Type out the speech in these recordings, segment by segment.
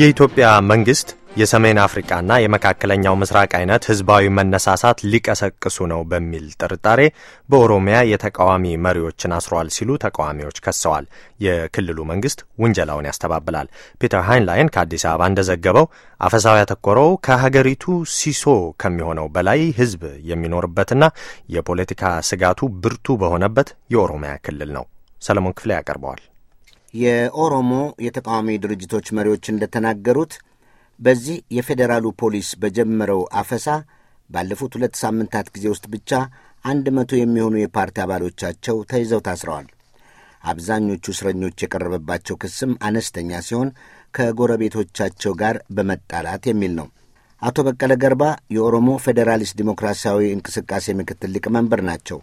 የኢትዮጵያ መንግስት የሰሜን አፍሪቃና የመካከለኛው ምስራቅ አይነት ህዝባዊ መነሳሳት ሊቀሰቅሱ ነው በሚል ጥርጣሬ በኦሮሚያ የተቃዋሚ መሪዎችን አስሯል ሲሉ ተቃዋሚዎች ከሰዋል። የክልሉ መንግስት ውንጀላውን ያስተባብላል። ፒተር ሃይንላይን ከአዲስ አበባ እንደዘገበው አፈሳው ያተኮረው ከሀገሪቱ ሲሶ ከሚሆነው በላይ ህዝብ የሚኖርበትና የፖለቲካ ስጋቱ ብርቱ በሆነበት የኦሮሚያ ክልል ነው። ሰለሞን ክፍሌ ያቀርበዋል። የኦሮሞ የተቃዋሚ ድርጅቶች መሪዎች እንደተናገሩት በዚህ የፌዴራሉ ፖሊስ በጀመረው አፈሳ ባለፉት ሁለት ሳምንታት ጊዜ ውስጥ ብቻ አንድ መቶ የሚሆኑ የፓርቲ አባሎቻቸው ተይዘው ታስረዋል። አብዛኞቹ እስረኞች የቀረበባቸው ክስም አነስተኛ ሲሆን ከጎረቤቶቻቸው ጋር በመጣላት የሚል ነው። አቶ በቀለ ገርባ የኦሮሞ ፌዴራሊስት ዲሞክራሲያዊ እንቅስቃሴ ምክትል ሊቀመንበር ናቸው።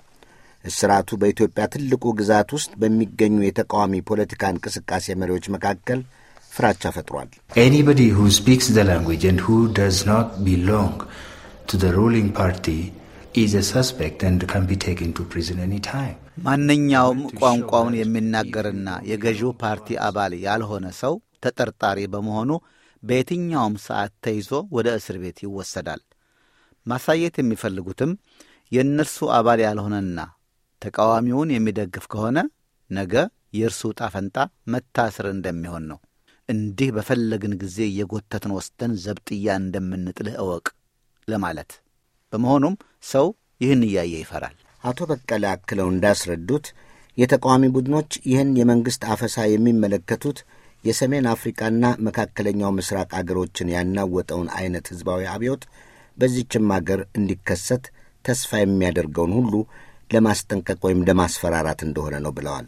እስራቱ በኢትዮጵያ ትልቁ ግዛት ውስጥ በሚገኙ የተቃዋሚ ፖለቲካ እንቅስቃሴ መሪዎች መካከል ፍራቻ ፈጥሯል። ኤኒባዲ ሁ ስፒክስ ዘ ላንጉጅ ኤንድ ሁ ደዝ ኖት ቢሎንግ ቱ ዘ ሩሊንግ ፓርቲ ኢዝ ሰስፔክት ኤንድ ካን ቢ ቴክን ቱ ፕሪዝን ኤኒ ታይም። ማንኛውም ቋንቋውን የሚናገርና የገዢው ፓርቲ አባል ያልሆነ ሰው ተጠርጣሪ በመሆኑ በየትኛውም ሰዓት ተይዞ ወደ እስር ቤት ይወሰዳል። ማሳየት የሚፈልጉትም የእነርሱ አባል ያልሆነና ተቃዋሚውን የሚደግፍ ከሆነ ነገ የእርሱ ዕጣ ፈንታ መታሰር እንደሚሆን ነው። እንዲህ በፈለግን ጊዜ የጎተትን ወስደን ዘብጥያ እንደምንጥልህ እወቅ ለማለት። በመሆኑም ሰው ይህን እያየ ይፈራል። አቶ በቀለ አክለው እንዳስረዱት የተቃዋሚ ቡድኖች ይህን የመንግሥት አፈሳ የሚመለከቱት የሰሜን አፍሪካና መካከለኛው ምስራቅ አገሮችን ያናወጠውን አይነት ሕዝባዊ አብዮት በዚችም አገር እንዲከሰት ተስፋ የሚያደርገውን ሁሉ ለማስጠንቀቅ ወይም ለማስፈራራት እንደሆነ ነው ብለዋል።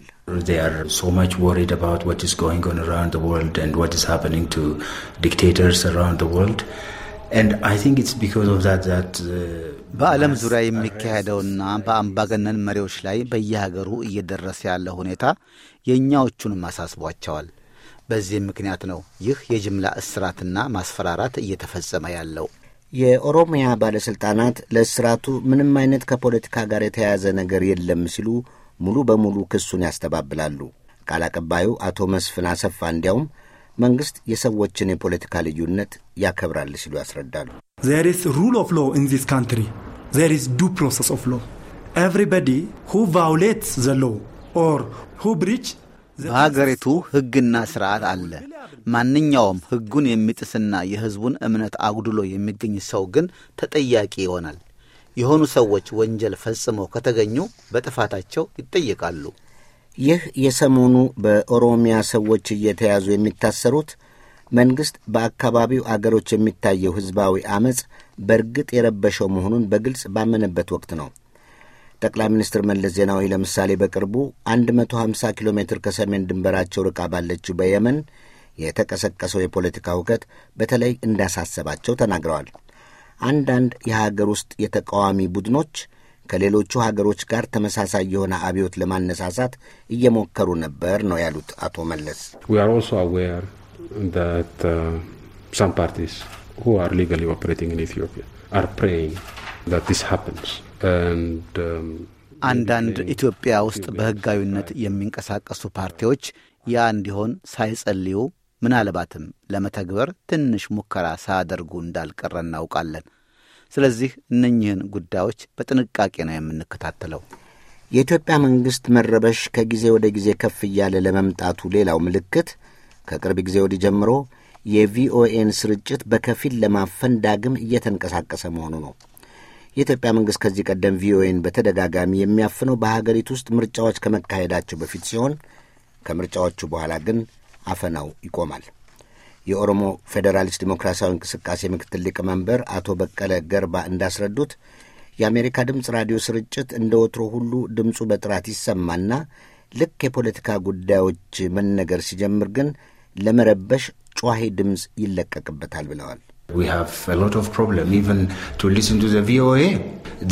uh, በዓለም ዙሪያ የሚካሄደውና በአምባገነን መሪዎች ላይ በየሀገሩ እየደረሰ ያለ ሁኔታ የእኛዎቹንም አሳስቧቸዋል። በዚህም ምክንያት ነው ይህ የጅምላ እስራትና ማስፈራራት እየተፈጸመ ያለው። የኦሮሚያ ባለሥልጣናት ለእስራቱ ምንም አይነት ከፖለቲካ ጋር የተያያዘ ነገር የለም ሲሉ ሙሉ በሙሉ ክሱን ያስተባብላሉ። ቃል አቀባዩ አቶ መስፍን አሰፋ እንዲያውም መንግሥት የሰዎችን የፖለቲካ ልዩነት ያከብራል ሲሉ ያስረዳሉ። ዜር ኢዝ ሩል ኦፍ ሎ ኢን ዚስ ካንትሪ ዜር ኢዝ ዱ ፕሮሰስ ኦፍ ሎ ኤቭሪባዲ ሁ ቫውሌት ዘ ሎ ኦር ሁ ብሪች በሀገሪቱ ሕግና ስርዓት አለ። ማንኛውም ሕጉን የሚጥስና የሕዝቡን እምነት አጉድሎ የሚገኝ ሰው ግን ተጠያቂ ይሆናል። የሆኑ ሰዎች ወንጀል ፈጽመው ከተገኙ በጥፋታቸው ይጠየቃሉ። ይህ የሰሞኑ በኦሮሚያ ሰዎች እየተያዙ የሚታሰሩት መንግሥት በአካባቢው አገሮች የሚታየው ሕዝባዊ ዐመፅ በእርግጥ የረበሸው መሆኑን በግልጽ ባመነበት ወቅት ነው። ጠቅላይ ሚኒስትር መለስ ዜናዊ ለምሳሌ በቅርቡ 150 ኪሎ ሜትር ከሰሜን ድንበራቸው ርቃ ባለችው በየመን የተቀሰቀሰው የፖለቲካ ሁከት በተለይ እንዳሳሰባቸው ተናግረዋል። አንዳንድ የሀገር ውስጥ የተቃዋሚ ቡድኖች ከሌሎቹ ሀገሮች ጋር ተመሳሳይ የሆነ አብዮት ለማነሳሳት እየሞከሩ ነበር ነው ያሉት አቶ መለስ። uh, some parties who are legally operating in Ethiopia are praying that this Um, አንዳንድ ኢትዮጵያ ውስጥ በሕጋዊነት የሚንቀሳቀሱ ፓርቲዎች ያ እንዲሆን ሳይጸልዩ ምናልባትም ለመተግበር ትንሽ ሙከራ ሳያደርጉ እንዳልቀረ እናውቃለን። ስለዚህ እነኚህን ጉዳዮች በጥንቃቄ ነው የምንከታተለው። የኢትዮጵያ መንግሥት መረበሽ ከጊዜ ወደ ጊዜ ከፍ እያለ ለመምጣቱ ሌላው ምልክት ከቅርብ ጊዜ ወዲህ ጀምሮ የቪኦኤን ስርጭት በከፊል ለማፈን ዳግም እየተንቀሳቀሰ መሆኑ ነው። የኢትዮጵያ መንግስት ከዚህ ቀደም ቪኦኤን በተደጋጋሚ የሚያፍነው በሀገሪቱ ውስጥ ምርጫዎች ከመካሄዳቸው በፊት ሲሆን ከምርጫዎቹ በኋላ ግን አፈናው ይቆማል። የኦሮሞ ፌዴራሊስት ዲሞክራሲያዊ እንቅስቃሴ ምክትል ሊቀመንበር አቶ በቀለ ገርባ እንዳስረዱት የአሜሪካ ድምፅ ራዲዮ ስርጭት እንደ ወትሮ ሁሉ ድምፁ በጥራት ይሰማና ልክ የፖለቲካ ጉዳዮች መነገር ሲጀምር ግን ለመረበሽ ጨዋሂ ድምፅ ይለቀቅበታል ብለዋል። We have a lot of problem even to listen to the VOA.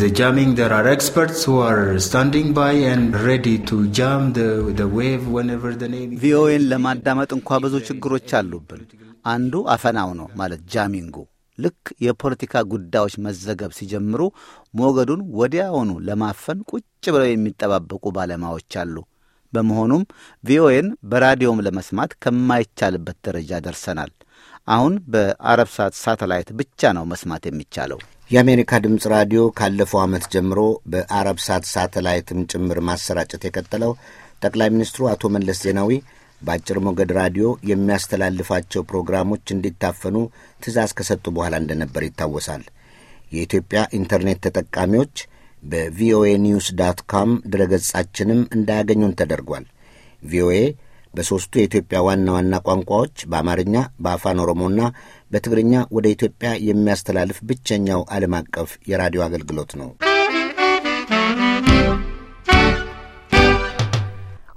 The jamming, there are experts who are standing by and ready to jam the, the wave whenever the name ቪኦኤን ለማዳመጥ እንኳ ብዙ ችግሮች አሉብን። አንዱ አፈናው ነው ማለት ጃሚንጉ ልክ የፖለቲካ ጉዳዮች መዘገብ ሲጀምሩ ሞገዱን ወዲያውኑ ለማፈን ቁጭ ብለው የሚጠባበቁ ባለሙያዎች አሉ። በመሆኑም ቪኦኤን በራዲዮም ለመስማት ከማይቻልበት ደረጃ ደርሰናል። አሁን በአረብ ሳተላይት ብቻ ነው መስማት የሚቻለው። የአሜሪካ ድምፅ ራዲዮ ካለፈው ዓመት ጀምሮ በአረብ ሳት ሳተላይትም ጭምር ማሰራጨት የቀጠለው ጠቅላይ ሚኒስትሩ አቶ መለስ ዜናዊ በአጭር ሞገድ ራዲዮ የሚያስተላልፋቸው ፕሮግራሞች እንዲታፈኑ ትዕዛዝ ከሰጡ በኋላ እንደነበር ይታወሳል። የኢትዮጵያ ኢንተርኔት ተጠቃሚዎች በቪኦኤ ኒውስ ዳት ካም ድረገጻችንም እንዳያገኙን ተደርጓል። ቪኦኤ በሦስቱ የኢትዮጵያ ዋና ዋና ቋንቋዎች በአማርኛ፣ በአፋን ኦሮሞና በትግርኛ ወደ ኢትዮጵያ የሚያስተላልፍ ብቸኛው ዓለም አቀፍ የራዲዮ አገልግሎት ነው።